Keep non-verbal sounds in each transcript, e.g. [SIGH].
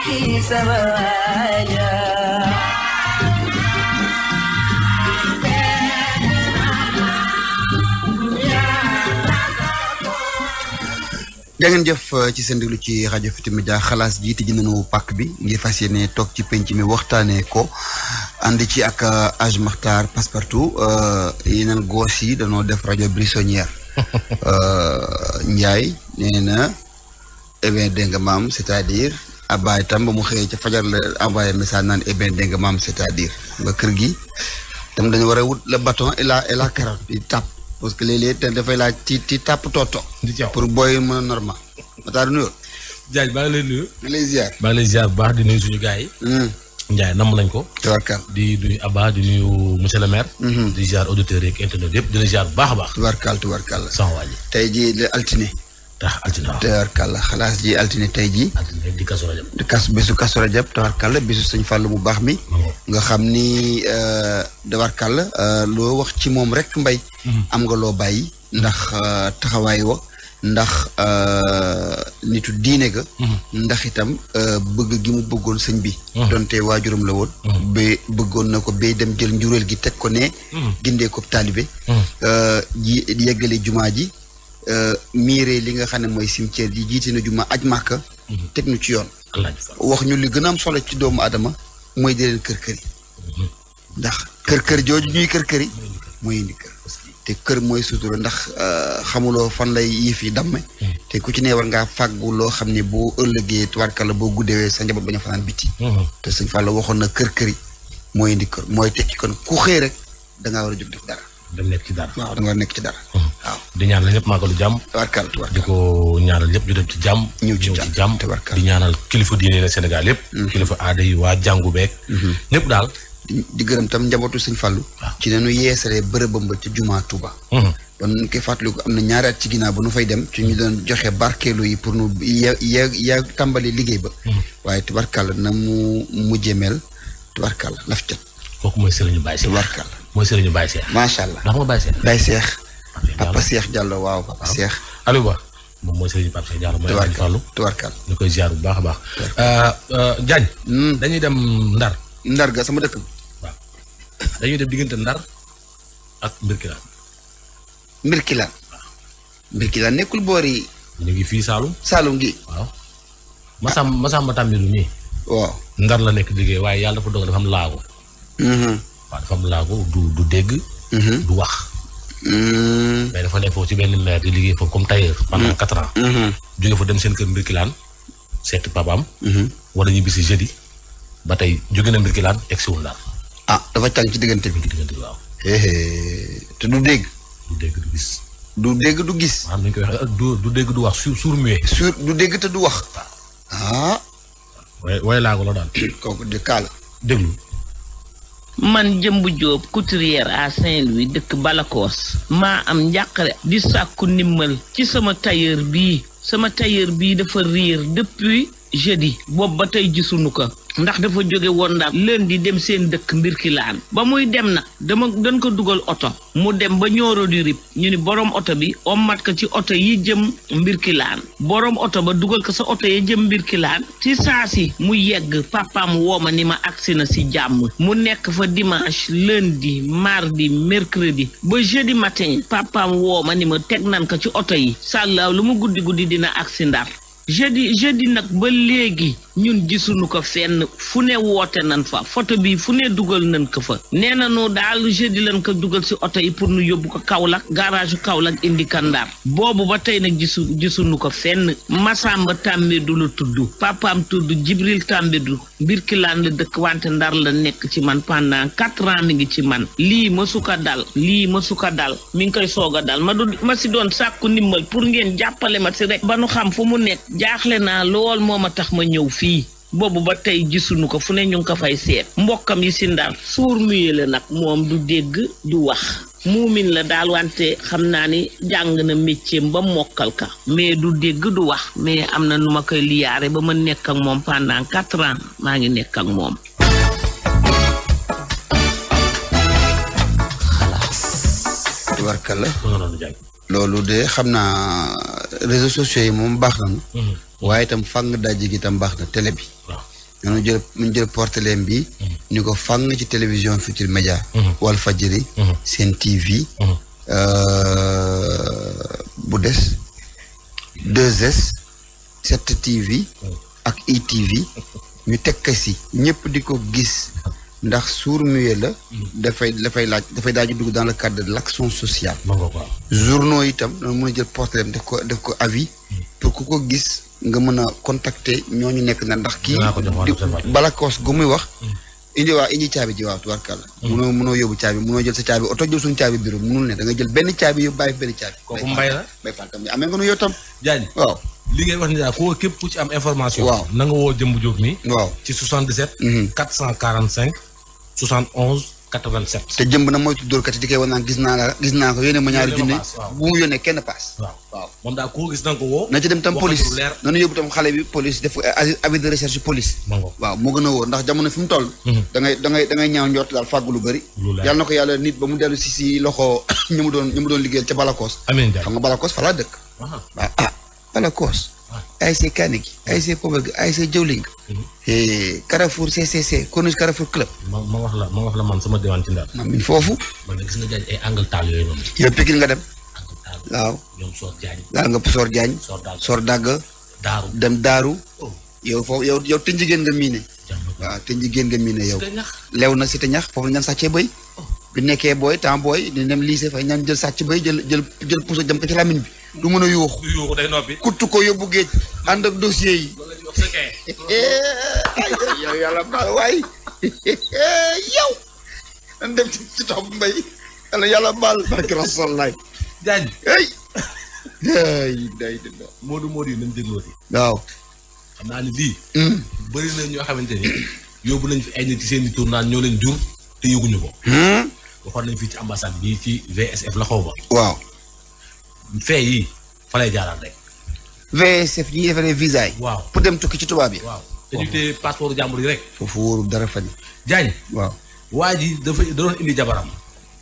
kiisa jëf uh, ci seen déglu ci rajo Futurs Médias xalaas ji tijji nañu pàkk bi ngi fas yéene toog ci penc mi waxtaanee ko ànd ci ak uh, Hadj Makhtar Passepartout uh, yeneen goos yi danoo def rajo Brissonnière [LAUGHS] Ndiaye nee na eh nga maam c'est-à-dire Abba itam ba mu xëyee ca fajar la envoyé message naan eh bien nga maam cest nga kër gi tam dañu war a wut le bâton et la et la carotte di tàpp parce que léeg-léeg te dafay laaj ci ci tàpp toto. pour booy mën a normal. Matar nuyu. Diagne nuyu. nga lay ziar. baa ngi lay ziar bu baax di nuyu suñu gars yi. Hmm. Ndiaye nañ ko. tubarkaal di nuyu Abba di nuyu monsieur le maire. Hmm. di ziar auditeurs yeeg internet yëpp di la ziar bu baax a baax. tubarkaal tubarkaal. sans wàññi. tey jii altine. tax altine tawarkàlla xalaas ji altine tey ji di kasu rajab di kas bésu kasu rajab tawarkàlla bu baax mi nga xam ni euh, tawarkàlla euh, loo wax ci moom rek mbay mhm. am nga loo bàyyi ndax euh, taxawaay wa ndax nitu diine ga mhm. ndax itam bëgg gi mu bëggoon sëñ bi mhm. donte waajuram la woon ba bëggoon na ko bay dem jël njuréel gi teg ko ne gindee ko taalibe ji yeggale jumaa ji Euh, miiree li nga xam ne mooy cimetière yi jiite na juma aj màkka mhm. teg ñu ci yoon wax ñu li gën a am solo ci doomu adama mooy di leen kër kër mhm. ndax kër kër jooju ñuy kër kër yi mooy indi kër te mooy sutura ndax euh, xamuloo fan lay yëf yi damme mhm. te ku ci ne war ngaa fàggu loo xam ne boo ëllëgee tubaarkalla boo guddewee sa njaboot bañ a fanaan biti te sëñ Fallou waxoon na kër kër yi mooy indi kër mooy tekki kon ku xëy rek danga war a jóg def dara dem nekk ci dara. waaw da nga nekk ci dara. Mm-hmm. waaw di ñaanal ñëpp màggalu jàmm. di ko ñaanal ñëpp ñu dem ci jàmm. ñëw ci jàmm tabarkal di ñaanal kilifa diine Sénégal yëpp. Mm-hmm. kilifa aada yi waa jàngu beeg. Mm-hmm. ñëpp daal. di gërëm tam njabootu sëñ Fallou. ci nañu yeesalee bërëbam ba ci jumaa Touba. doon koy fàttaliku am na ñaari ci ginnaaw ba nu fay dem ci ñu doon joxe barkeelu yi pour nu ya ya ya liggéey ba. waaye tabarkal na mu mujjee mel tabarkal laf cat. kooku mooy sëriñu Baye Sy. tabarkal mooy sëriñu Baye Cheikh. macha allah ndax nga Baye Cheikh. Baye Cheikh. Papa Cheikh Diallo waaw Papa Cheikh. Aliou Ba moom mooy sëriñu Papa Cheikh Diallo. mooy Aliou Fallou tubarkal ñu koy ziar bu baax a baax. Euh, euh, Diagne. Hmm. dañuy dem Ndar. Ndar ga sama dëkk bi. waaw dañuy dem diggante Ndar ak Mbirkilaan. Mbirkilaan. waaw Mbirkilaan nekkul boor yi. ñu ngi fii Saalum. Saalum gi waaw. Masam Masamba Tambiru mii. waaw Ndar la nekk liggéey waaye yàlla dafa dogal dafa am laago. Hmm. waa dafa am laago du dégg. Mhm. du wax. Mm. mais dafa foofu ci benn maire di liggéey foofu comme tailleur. pendant mm. quatre ans. Mhm. jóge fa dem seen kër Mbirkilaan seet papaam. Mhm. wala ñu bisi jeudi ba tey jóge na Mbirkilaan egsiwul daal. ah dafa càng ci diggante bi. ci diggante bi waaw. du dégg. du dégg du gis. du dégg du gis. maanaam koy waxee du dégg du wax su suur muet. suur du te du wax. ah. waaye waaye laago la daal. [COUGHS] kooku déglu. man jëmb jóob couturière à Saint-Louis dëkk Balakoos maa am njàqare di sàkku ndimmal ci sama tailleur bi sama tailleur bii dafa riir wi jeudi boobu ba tey jisuñu ko ndax dafa jóge woon ndax lundi dem seen dëkk mbir Mbirkilaan ba muy dem na dama dan ko dugal oto mu dem ba Nioro du Rip ñu ni borom oto bi om mat ko ci oto yi jëm Mbirkilaan borom oto ba dugal ko sa oto yi jëm Mbirkilaan ci saa si mu yegg woo ma ni ma agsi na si jàmm mu nekk fa dimanche lundi mardi mercredi ba jeudi matin woo ma ni ma teg nan ko ci oto yi sàllaaw lu mu guddi guddi dina agsi Ndar jeudi jeudi nag ba léegi ñun gisuñu ko fenn fu ne woote nan fa photo bii fu ne dugal nan ko fa nee na nañu daal jeudi lan ko dugal si oto yi pour nu yóbbu ko Kaolack garage Kaolack indi kandaar boobu ba tey nag gisu gisuñu ko fenn Masamba Tambédou la tudd papaam tudd Jibril Tambédou Birkilaan la dëkk wante Ndar la nekk ci man pendant quatre ans mi ngi ci man lii ma su dal lii ma su dal mi ngi koy soog a dal ma du ma si doon sàkku ndimbal pour ngeen jàppale ma si rek ba nu xam fu mu nekk jaaxle naa lool moo ma tax ma ñëw fii boobu ba tey gisuñu ko fu ne ñu ngi ko fay seet mbokkam yi si ndar suur muye la nag moom du dégg du wax muumin la daal wante xam naa ni jàng na métier ba mokkal ka mais du dégg du wax mais am na nu ma koy liyaare ba ma nekk ak moom pendant quatre ans maa ngi nekk ak moom loolu de xam naa réseaux sociaux yi moom baax nañu mm-hmm. waaye itam fang dajji gi itam baax na télé bi. waaw ñu jël ñu jël porteleem bi. ñu mm-hmm. ko fang ci télévision Futurs Médias. Mm-hmm. Walfadjri. Mm-hmm. seen TV. Euh, bu des. 2S. 7TV. ak ITV. ñu tekk si ñëpp di ko gis ndax sourds-muets la. dafay dafay laaj dafay daaju dugg dans la cadre de l'action sociale. journaux itam dañoo mën a jël porteleem def ko def ko avis. pour ku ko gis. nga mën a ñoo ñooñu nekk na ndax kii bala koos gu muy wax indi waa indi caabi ji waaw tubaarkàlla mënoo mm. mënoo yóbbu caabi mënoo jël sa caabi oto jël suñu caabi bureau mënul ne da nga jël benn caabi yóbbu bàyyi benn caabi kooku mbay la mbay fàltam amee nga nu yow tam jaaji waaw li ngay wax ni daal koo képp ku ci am information waaw na nga woo jëmb jóg nii waaw ci 77 445 71 87. te jëmb na moytu dóorkat yi di koy wan naan gis naa ko yónnee ma ñaari bu mu yónnee kenn paas. waaw waaw dem tam police na yóbbu tam xale bi police def eh, avis de recherche police. waaw moo gën a wóor ndax jamono fi toll. Mhm. da ngay ñaaw njort daal fàggu lu bëri. yàlla na ko yàlla nit ba mu dellu si si loxo [COUGHS] ñu doon ñu doon liggéeyal ca Balakoos. amiin Balakoos fa dëkk. waaw ah Balakoos. ASC Kaani gi ASC Pobal gi ASC Jëwlin gi mhm. eh, Carrefour CCC Corniche Carrefour Club. ma ma wax la ma wax la man sama diwaan ci Ndar. man foofu. man gis nga jaaj ay angle taal yooyu noonu. nga dem. waaw. ñoom Sor Diagne. nga Sor Diagne. Sor Dagg. Daaru dem Daaru. Oh. yow foofu yow yow te jigéen nga miine. waaw te jigéen nga miine yow. lew na si te ñax foofu la sax daan sàccee bi nekkee booy temps booy di dem lycée fay ñaan jël sàcc bay jël jël jël puso jëm ko ci bi du mën a yuuxu du yuuxu day noppi kutt ko yóbbu géej ànd a dossier yi [LAUGHS] yow yàlla baal waay [LAUGHS] yow nan dem ci mbay yàlla yàlla baal barki rasulaay jaañ ay day day dina moodu moodu yi nañ déglooti waaw xam naa ni lii hmm. bëri na ñoo xamante ni yóbbu nañ fi ay nit ci seen i tournage ñoo ñu jur te ko hmm. waxoon nañ fii ci ambassade bi ci VSF la xaw ma. waaw. fee fa lay jaaraan rek. VSF ñi defaree visa yi. waaw pour dem tukki ci tubaab yi. waaw te ñu tee passeport rek. foofu wóorul dara fan. waa ji dafa da doon indi jabaram.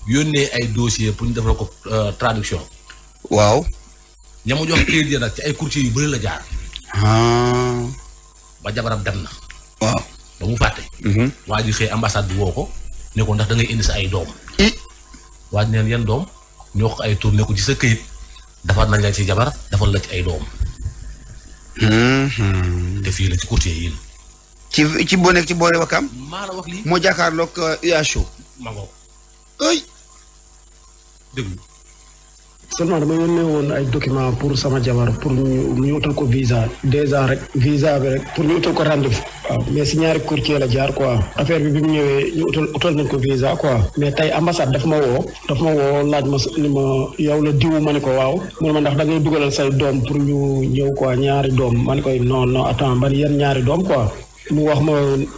yónnee ay dossier pour ñu defal ko euh, traduction. waaw. ña mu jox kayit ya ci ay courtier yu bëri la jaar. Ah. ba jabaram dem na. waaw ba mu fàtte. Mm-hmm. waa ji xëy ambassade bi woo ko. ne ndax da ngay indi sa ay doom. waaj neen yan doom ñu wax ay tur ne ci sa këyit defaat nañ la ci jabar defal la ci ay doom. Mm-hmm. te fii la ci courtier yi. ci ci boo nekk ci boole Wakam. maa la wax lii moo jàkkaarloog UHO. ma ngoog. ay déglu seulement dama yónnee woon ay document pour sama jabar pour ñu ñu utal ko visa déjà rek visa bi rek pour ñu utal ko rende vous mais si ñaari courtier la jaar quoi affaire bi bi mu ñëwee ñu utal utal ko visa quoi mais tey ambassade daf ma woo daf ma woo laaj ma ni ma yow la diwu ma ne ko waaw mun ma ndax da ngay dugalal say doom pour ñu ñëw quoi ñaari doom man ne koy non non attends ban yan ñaari doom quoi mu wax ma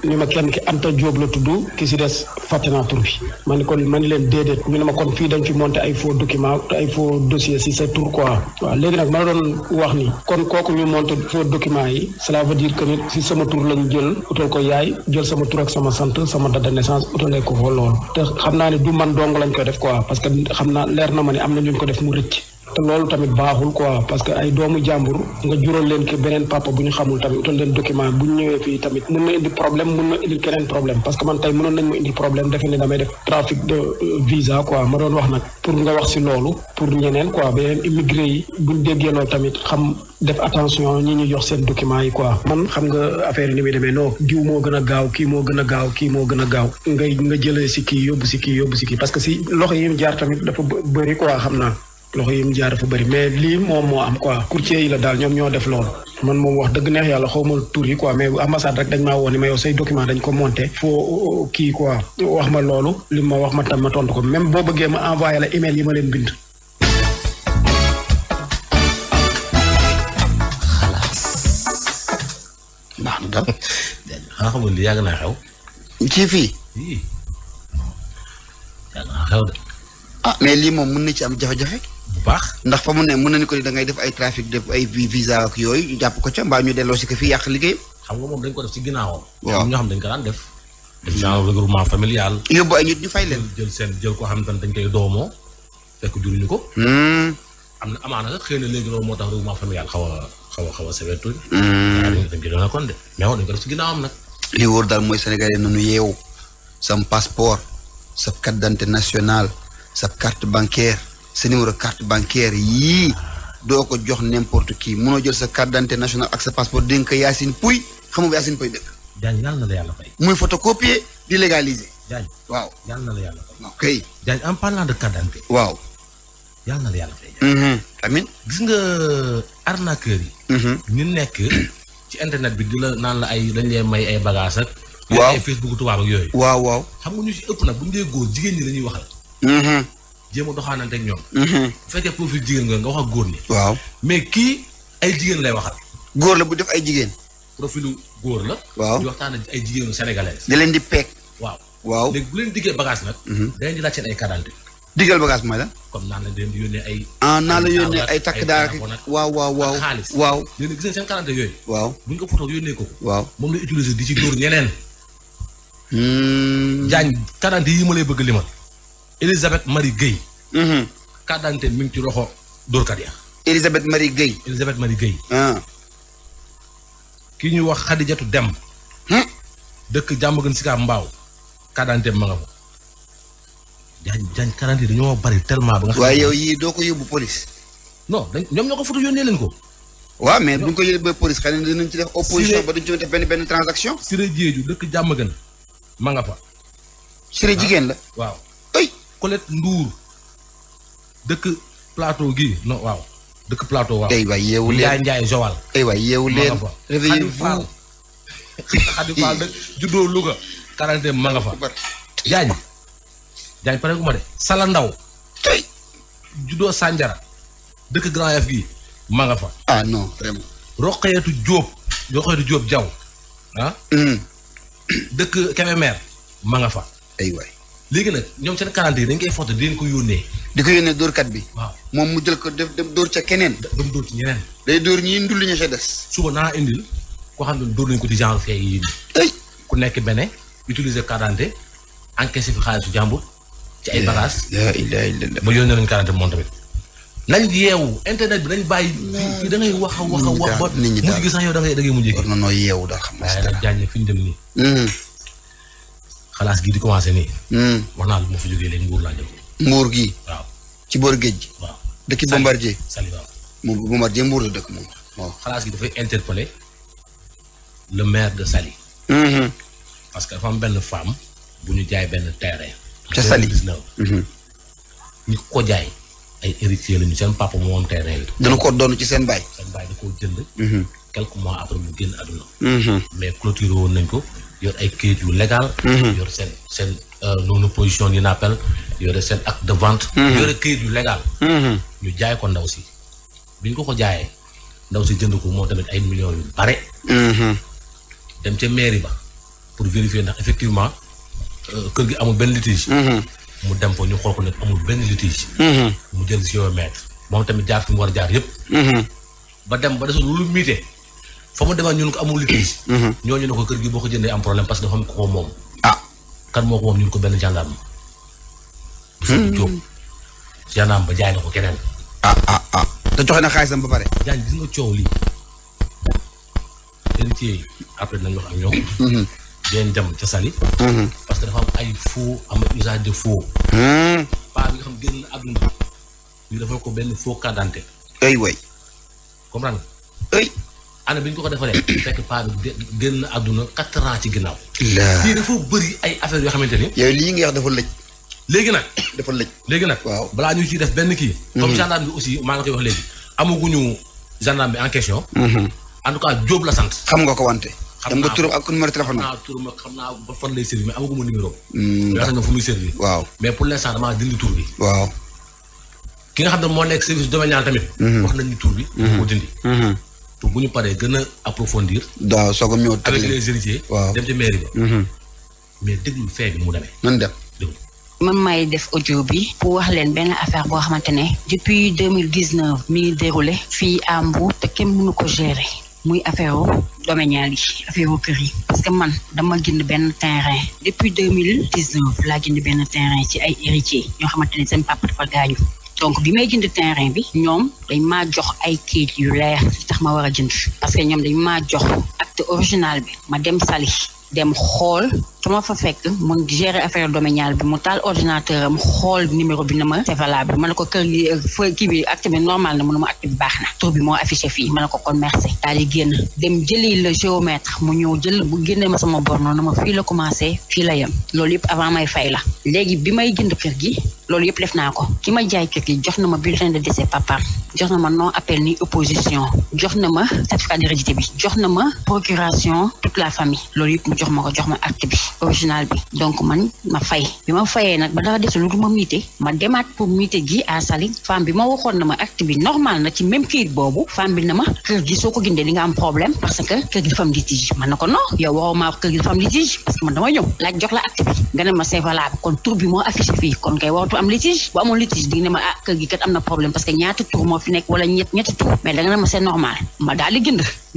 ni ma kenn ki Anta Diop la tudd ki si des fàtte naa tur bi ma ni kon man ni leen déedéet ñu ne ma kon fii dañ ci monté ay faux document ay faux dossier si sa tur quoi waaw léegi nag ma wax ni kon kooku ñu monté faux yi cela veut dire que nit sama tur lañ jël utal ko yaay jël sama tur ak sama sant sama date de naissance utalee ko fa loolu te xam naa ne du man dong lañ koy def quoi parce que xam naa leer na ma ne am na ñu ko def mu rëcc te loolu tamit baaxul quoi parce que ay doomu jàmbur nga jural leen ki beneen papa bu ñu xamul tamit leen document bu ñu fii tamit mun na indi problème mun que man tey mënoon nañ ma indi problème defe ne damay def trafic de euh, visa ma doon wax nag pour nga wax si loolu pour ñeneen quoi beneen immigré yi buñ déggee loolu tamit xam def attention ñi ñuy jox seen documents yi quoi man xam nga affaire yi ni muy demee non moo gën a gaaw kii moo gën a gaaw moo gën a gaaw ngay nga jëlee si kii yóbbu si kii yóbbu si kii parce que si loxo yi jaar tamit dafa bëri quoi xam naa loxo yi mu jaar dafa bëri mais lii moom moo am quoi courtier yi la daal ñoom ñoo def loolu man moom wax dëgg neex yàlla xaw ma tur yi quoi mais ambassade rek dañ maa woo ni ma ko monté foo kii quoi wax ma loolu li ma wax ma tam ma tontu ko même boo bëggee ma envoyé la email yi ma leen bind. baax yàgg naa xew. ci fii. Ah, mais lii moom mën na ci am jafe-jafe. bu baax. ndax fa mu ne mën nañu ko ni da ngay def ay trafic def ay visa ak yooyu jàpp ko ca mbaa ñu delloo si ko fi yàq liggéeyam. xam nga moom dañ ko def ci ginnaawam. waaw ñoo xam dañ ko daan def. def genre regroupement familial. yóbbu ñu fay leen. jël seen jël koo xam ne dañ koy doomoo fekk ñu ko. Hmm. am na amaana sax xëy na léegi loolu moo tax regroupement familial xaw a xaw a xaw a sawee tuuti. waaw dañ ko dañ ko doon kon de mais waaw dañ ko def ci ginnaawam nag. li wóor daal mooy sénégalais nañu yeewu sam passeport sa carte d'identité nationale sa carte bancaire sa numéro carte bancaire yii doo ko jox n'importe kii munoo jël sa carte d'identité nationale ak sa passeport dénk ko Yacine Pouy xam nga Yacine Pouy dëkk. na la yàlla fay. muy photocopier di légaliser. Diagne waaw yàlla na la yàlla fay. ok Diagne en de carte d'identité. waaw. yàlla na la yàlla fay. Mhm. gis nga euh, arnaqueur yi. Mhm. ñu nekk ci internet bi di la naan la ay dañ lay may ay bagages ak. waaw ay yooyu. waaw waaw xam nga ñu si ëpp nag bu ñu dee góor jigéen ñi la ñuy waxal. Mhm. jéem a doxaanante ak ñoom. Mhm. bu fekkee profil jigéen nga nga wax ak góor ñi. waaw mais kii ay jigéen lay waxal. góor la bu def ay jigéen. profilu góor la. waaw di waxtaan ak ay jigéenu sénégalais. di leen di peeg. waaw waaw léegi bu leen diggee bagage nag. Mhm. dañ di ay quarante. digal bagage mooy la. comme naan la leen di yónnee ay. ah la yónnee ay takk daara waaw waaw waaw xaalis. waaw yéen gis ngeen yooyu. waaw bu ko photo yónnee ko. waaw moom lay utiliser di ci góor ñeneen. Hmm. jaañ quarante yi ma lay bëgg limal. Elisabeth Marie géey mm-hmm. carte d'identité mi ngi ci loxo dóorkat ya. Elisabeth Marie Guèye. Elisabeth Marie Guèye. Ah. ki ñuy wax jatu Dem. Hmm? dëkk jàmm gën Sika Mbaaw. carte d'identité ma nga fa. jaañ jaañ carte d'identité dañoo bari tellement ba nga. xam waaye yow yii doo ko yóbbu police. non dañ ñoom ko foto yónnee leen ko. waaw mais ko yónnee ba police xëy na dinañ ci def. opposition ba duñ ci benn benn transaction. Siré Diédiou dëkk jàmm gën ma nga fa. Siré ah. jigéen la waaw. Colette Ndour dëkk plateau gi non waaw dëkk plateau waaw. aywa yeewu leen [LAUGHS] juddoo Louga. quarante ma nga fa. Diagne Diagne pare ku ma de. Sala Ndaw. tey. juddoo Sanjara. dëkk Grand Yoff gi ma nga fa. ah non Roqeetu Diop. Roqeetu Diop Diaw ah. Hmm. ma nga fa. léegi nag ñoom seen calendrier dañ koy foto di leen ko yónnee. di ko yónnee dóorkat bi. waaw moom mu jël ko def dem dóor ca keneen. dem dóor ci ñeneen. day dóor ñi ndul ña ca des. suba naa indil koo xam ne dóor nañu ko ci genre fee yi ay ku nekk bene utiliser calendrier encaissé fi xaalisu jàmbur. ci ay bagages. yaa illah illah ba yónnee nañu calendrier moom tamit. nañ yeewu internet bi nañ bàyyi. fii da ngay wax a wax a wax ba. nit ñi daal mujj gi sax yow da ngay da ngay mujj. war na xam nga si fi ñu dem nii. Hmm. xalaas gi di commencé nii. Hmm. wax naa la ma fi jógee léegi nguur laa jëm. gi. ci boor géej gi. waaw dëkki Bombardier. Sali waaw moom Bombardier la dëkk moom. xalaas gi dafay interpeller le maire de Sali. Hmm. parce que dafa benn femme bu ñu jaay benn terrain. ca Sali 2019. ñu ko jaay ay héritier lañu seen papa moo woon terrain dana ko doon ci seen baay. seen baay da koo jënd. Hmm. quelques mois après mu génn àdduna. mais clôturé woon nañ ko. yor ay kayit yu légal. Mhm. yor seen seen euh, non opposition yi n'appelle yore seen acte de vente. Mhm. yore kayit yu légal. Mhm. ñu jaay ko ndaw si biñ ko ko jaayee ndaw si jënd ko moo tamit ay millions yu bare. dem ca mairie ba pour vérifier ndax effectivement euh, kër gi amul benn litige. mu dem ko ñu xool ko ne amul benn litige. mu jël géomètre moom tamit jaar fi mu war a jaar yëpp. ba dem ba desul lu miite. fa mu demal ñun ko amul litige. Mhm. ñooñu ne ko kër gi boo ko jëndee am problème parce que dafa am ko moom. ah kan moo ko moom ñun ko benn gendarme. bu fekk jóg gendarme ba jaay ko keneen. Ah, ah, ah. na xaalisam ba pare. jaañ gis nga coow lii. héritier yi wax ak ñoom. Mhm. dinañ dem ca Saly. Mhm. parce que dafa am ay faux am usage de faux. Hmm. paa bi nga xam génn àdduna ñu defal ko benn foo carte d'identité. ay way comprendre ana bi ñu ko ko defaree [COUGHS] fekk paa bi génn àdduna quatre ci ginnaaw. lii dafa bëri ay affaires yoo xamante ni. yow lii nga wax dafa lëj. léegi nag. [COUGHS] dafa lëj léegi nag. waaw balaa ñu ciy def benn kii. comme mhm. gendarme bi aussi maa la koy wax léegi. amaguñu gendarme bi en question. Mhm. en tout cas Diop xam nga ko wante. xam nga turam ak numéro téléphone am. turam ak xam naa ba fan lay servir mais amaguma numéro. Mm, yaakaar nga fu waaw mais pour l' instant damaa dindi tur bi. waaw. ki nga xam ne moo nekk service domanial tamit. Mhm. wax nañ ni tur bi. ko dindi. bu ñu paree gën a approfondir. waaw soog a ñëw tëgg avec les waaw dem mhm. dem man may def audio bi pour wax leen benn affaire boo xamante ne depuis deux mille dix neuf mi ngi déroulé fi à te kenn mënu ko gérer muy affaire domaniale yi affaire kër yi parce que man dama jënd benn terrain depuis deux mille dix neuf laa jënd benn terrain ci ay héritiers ñoo xamante ne seen papa dafa gaañu. donc bi may jënd terrain bi ñoom dañ maa jox ay kayit yu leer li tax ma war a jënd parce que ñoom dañ maa jox acte original bi ma dem Saly dem xool ki ma fa fekk mu gérer affaire domaniale bi mu taal ordinateur am xool numéro bi na ma c'est ma ne ko kër gi fa kii bi acte bi normal na mu ne ma acte bi baax na tur bi moo affiché fii ma ne ko kon merci daal génn dem jëli le mu ñëw jël bu génnee ma sama borno na ma fii la commencé fii la yem loolu yëpp avant may fay la léegi bi may jënd kër gi loolu yëpp def naa ko ki ma jaay kër gi jox na ma bulletin de décès papaam jox na ma non appel ni opposition jox na ma certificat d'hérédité bi jox na ma procuration toute la famille loolu yëpp mu jox ma ko jox ma acte bi original bi donc man ma fay bi ma fayee nag ba dara desul lu ma muté ma demaat pour bi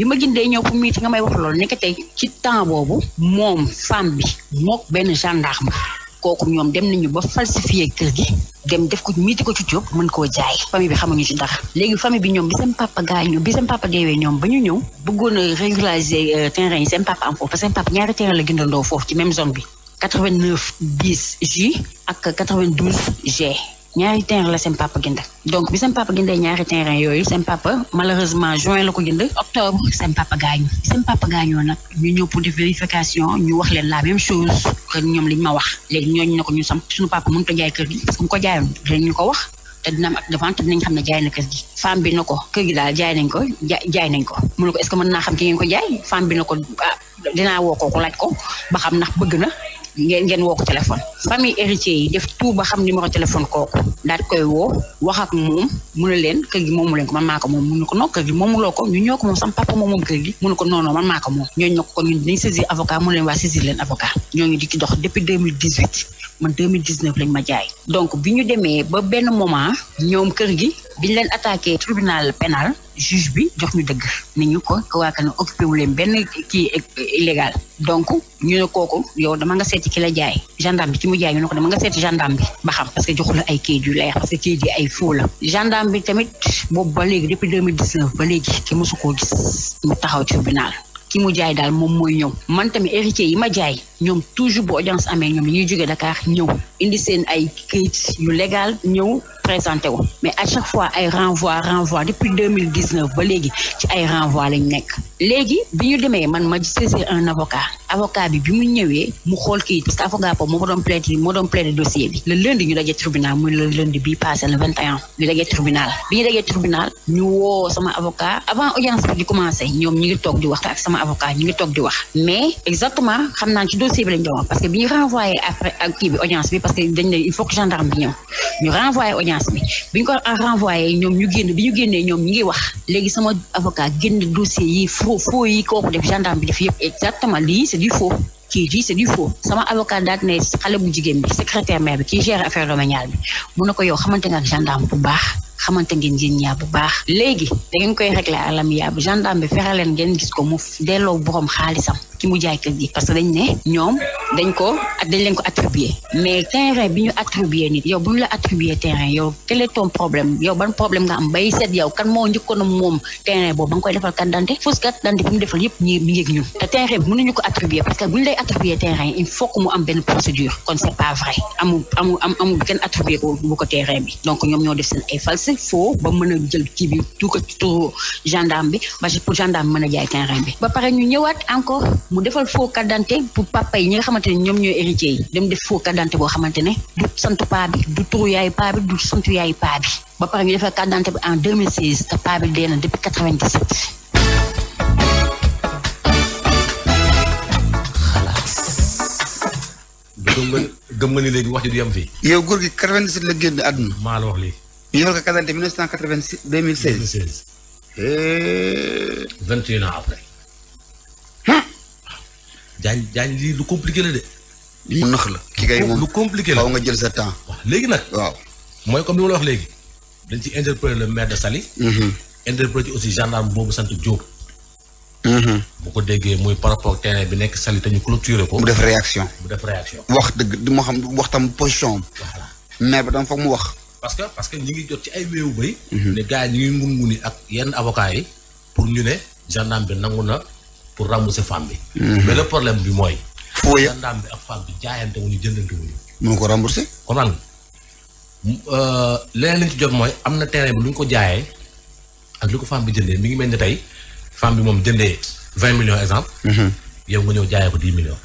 ma gindee di problème nga may wax loolu nekk tey ci temps boobu moom femme bi mook benn gendarme kooku ñoom dem nañu ba falsifier kër gi dem def ko miiti ko ci jóg mën koo jaay famille bi xamuñu ci ndax léegi famille bi ñoom bi seen papa gaañu bi seen papa deewee ñoom ba ñu ñëw bëggoon a régulariser euh, terrain seen papa am foofu seen papa ñaari terrain la gëndandoo foofu ci même zone bi 89 10 J ak 92 G ñaari terrain la seen papa jënd donc bi seen papa jëndee ñaari terrain yooyu seen papa malheureusement juin la ko jënd octobre seen papa gaañu seen papa gaañoo nag ñu ñëw pour vérification ñu wax leen la même chose que ñoom liñ ma wax léegi ñooñu ne ko ñu sam suñu papa mënut a jaay kër gi parce que mu ko jaayoon dinañ ñu ko wax te dina am acte de vente dinañ xam ne jaay na kër gi femme bi na ko kër gi daal jaay nañ ko jaay nañ ko mu ne ko est ce que mën naa xam ko ko ah, ko xam ndax bëgg na ngeen ngeen woo ko téléphone famille héritier yi def tout ba xam numéro téléphone kooku daal di koy woo wax ak moom leen kër gi moomu leen ko man maa ko moom mu ne ko non kër gi moomuloo man maa moom ñooñu ñoo ko kon ñun saisir avocat mu leen waa saisir leen avocat ñooñu di ci dox depuis 2018 man 2019 lañ ma jaay donc bi ñu demee ba benn moment ñoom kër gi biñ leen attaqué tribunal pénal juge bi jox ñu dëgg ni ñu ko waa ka ne occupé wu leen benn kii eh, eh, illégal donc ñu ne kooku yow dama nga seeti ki la jaay gendarme bi ci mu jaay ñu ne ko dama nga seeti gendarme bi ba xam parce que la ay kayit yu leer parce que kayit yi ay faux la gendarme bi tamit boobu ba léegi depuis 2019 ba léegi ki mosu koo gis mu taxaw tribunal ki mu jaay daal moom mooy ñëw man tamit héritier yi ma jaay ñoom toujours boo audience amee ñoom ñuy jóge dakaar ñëw indi seen ay kayit yu légal ñëw présenté wu mais à chaque fois ay renvoi renvoi depuis deux mille dix neuf ba léegi ci ay renvoi lañ nekk léegi bi ñu demee man ma saisir un avocat avocat bi bi mu ñëwee mu xool kii parce que avocat bi le lundi ñu dajee tribunal bi ñu dajee tribunal ñu woo sama avocat avant audience bi di commencé ñoom ñu ngi toog di wax ak sama avocat ñu ngi toog di wax mais exactement xam naa ci dossier bi lañ doon wax parce que bi ñu renvoyé ak kii bi audience audience bi bi ñu ko renvoyé ñoom ñu génn bi ñu génnee ñoom ñu ngi wax léegi sama avocat génn dossier yi faux faux yi ko def gendarme bi def yëpp exactement lii c'est du faux kii lii c'est du faux sama avocat daal ne xale bu jigéen bi secrétaire maire bi faire gère affaire domaniale bi mu ne ko yow xamante nga ak gendarme bu baax xamante ngeen yéen ñaar bu baax léegi da ngeen koy régler à l'amiable gendarme bi fexe leen ngeen gis ko mu delloo borom xaalisam ci mu jaay kër gi parce que dañ ne ñoom dañ ko dañ leen ko attribué mais terrain bi ñu attribué nit yow bu ñu la attribué terrain yow quel ton problème yow ban problème nga am bay seet yow kan moo njëkkoon a moom terrain boobu ba nga koy defal kat dante fausse kat dante bi mu defal yëpp yëg ñun te terrain bi mënuñu ko attribué parce que bu ñu lay attribué terrain il faut que mu bi donc ñoom ñoo def seen ay false faux ba mën a jël kii bi tout ko turu gendarme bi pour gendarme a bi mu defal faux carte d'identité pour papa yi ñi nga xamante ni ñoom ñooy héritier yi dem def faux carte d'identité boo xamante ne du sant paa bi du turu yaayu paa bi du sant yaayu paa ba pare ñu defal carte bi en 2016 te paa bi dee na depuis 97. gëm nga gëm nga wax ji du yem fii. yow góor gi 97 la génn àdduna. maa la wax lii. ñu yor ko carte d'identité 1986 2016. 2016. 21 ans après. jaañ jaañ lii lu compliqué la de. lii nax la ki kay moom lu compliqué la faaw nga jël sa temps. léegi nag. waaw mooy comme li ma la wax léegi. dañ ci interpeller le maire de Saly. Mm-hmm. interpeller aussi gendarme boobu sant Diop. Mm-hmm. bu ko déggee muy par rapport terrain bi nekk Saly te ñu clôturer ko. def réaction mu def réaction. wax dëgg moo xam wax tam position am. voilà maire bi mu wax. parce que parce que ñu ngi jot ci ay wéewu bay. Mm-hmm. ne gars yi ñu ngun nguni ak yenn avocats pour ñu ne gendarme bi nangu na. pour rembourser femme bi. Mhm. mais le problème bi mooy. fooy gendarme bi ak femme bi jaayante wu ñu jëndante wu ñu. moo ko remboursé. kon euh, jot mooy am na terrain bi ko jaayee ak lu ko femme bi jëndee mi ngi mel ni tey femme bi moom jëndee vingt millions exemple. Mhm. yow nga ñëw jaayee ko dix millions.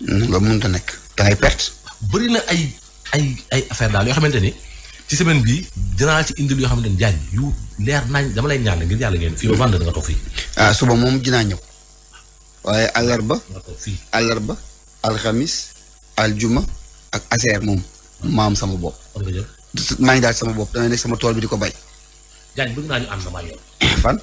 Mhm, loolu mënut a nekk da perte. bëri na ay ay ay affaire daal yoo xamante ni. ci semaine bi dinaa ci indil yoo xam ne jaañ yu leer nañ dama lay ñaan ngir yàlla ngeen fii ba vendredi nga toog fii. Ah, suba moom dinaa ñëw. waaye àllarba àllarba alxamis aljuma ak aseer moom maam sama bopp maa ngi daal sama bopp damay nekk sama tool bi di ko bay fan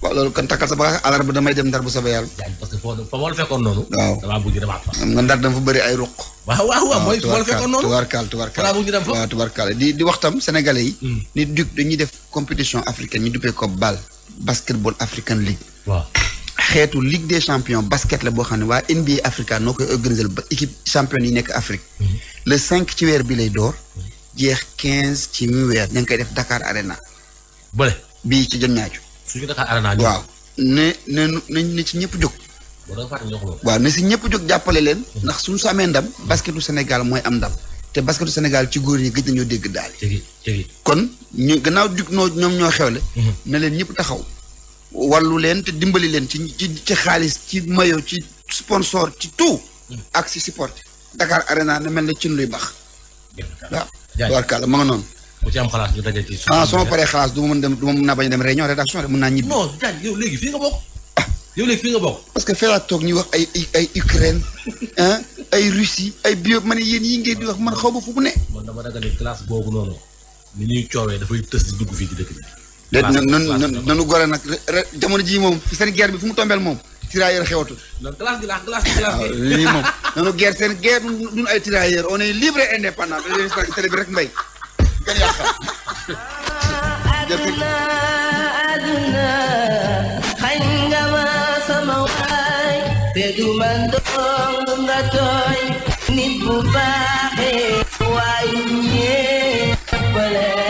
waaw loolu kan takkal sa bagaas àllarba damay dem ndar bu soobee yàlla. parce que fa ma la fekkoon noonu. waaw damaa bëgg damaa fa. xam nga ndar bëri ay ruq. waaw waaw waaw mooy fa ma la fekkoon di di waxtam sénégalais yi. Hmm. nit du dañuy def compétition africaine ñu duppee ko BAL. basketball african league. xeetu ligue des champions basket la boo xam ne waa NBA Africa noo koy organisé ba équipe champion yi nekk Afrique. Mm-hmm. le cinq ci weer bi lay door. Mm-hmm. jeex quinze ci mi weer ña ngi koy def Dakar Arena. bële. bii ci jëm ñaaju. suñu Dakar Arena waaw ne ne ne ci ñëpp jóg. waaw ne si ñëpp jóg jàppale leen. Mm-hmm. ndax suñu su amee ndam. basketu Sénégal mooy am ndam. te basketu Sénégal ci góor ñi gëj nañoo dégg daal. kon ñu gannaaw jug noo ñoom ñoo xewle. na leen ñëpp taxaw. wallu leen te dimbali leen ci ci xaalis ci mayo ci sponsor ci tout. Hmm. ak si support. Dakar naa ne mel ne cin luy baax. waaw tubaarkàlla ma nga noonu. ku ci xalaas ñu daje ci. ah su ma paree xalaas du ma mën dem du ma mën naa bañ a dem réunion rédaction rek mën naa ñibbi. non Diagne yow ah. yow léegi fii nga bokk. parce que fee toog ñuy wax ay ay Ukraine ah [LAUGHS] ay Russie ay bio ma ne yéen yi ngeen di wax man xaw ma fu mu ne. man dama ragal ne boobu noonu. ni ñuy coowee dugg fii ci léegi nanu nanu gore nag jamono jii moom fi seen guerre bi fu mu tombeel moom tirailleur xewatul. donc glace gi la glace gi la lii moom nanu guerre seen guerre duñu ay tirailleur on est libre et indépendant da leen sax télé bi rek mbay kenn yàq nit bu baaxee waaye ñëpp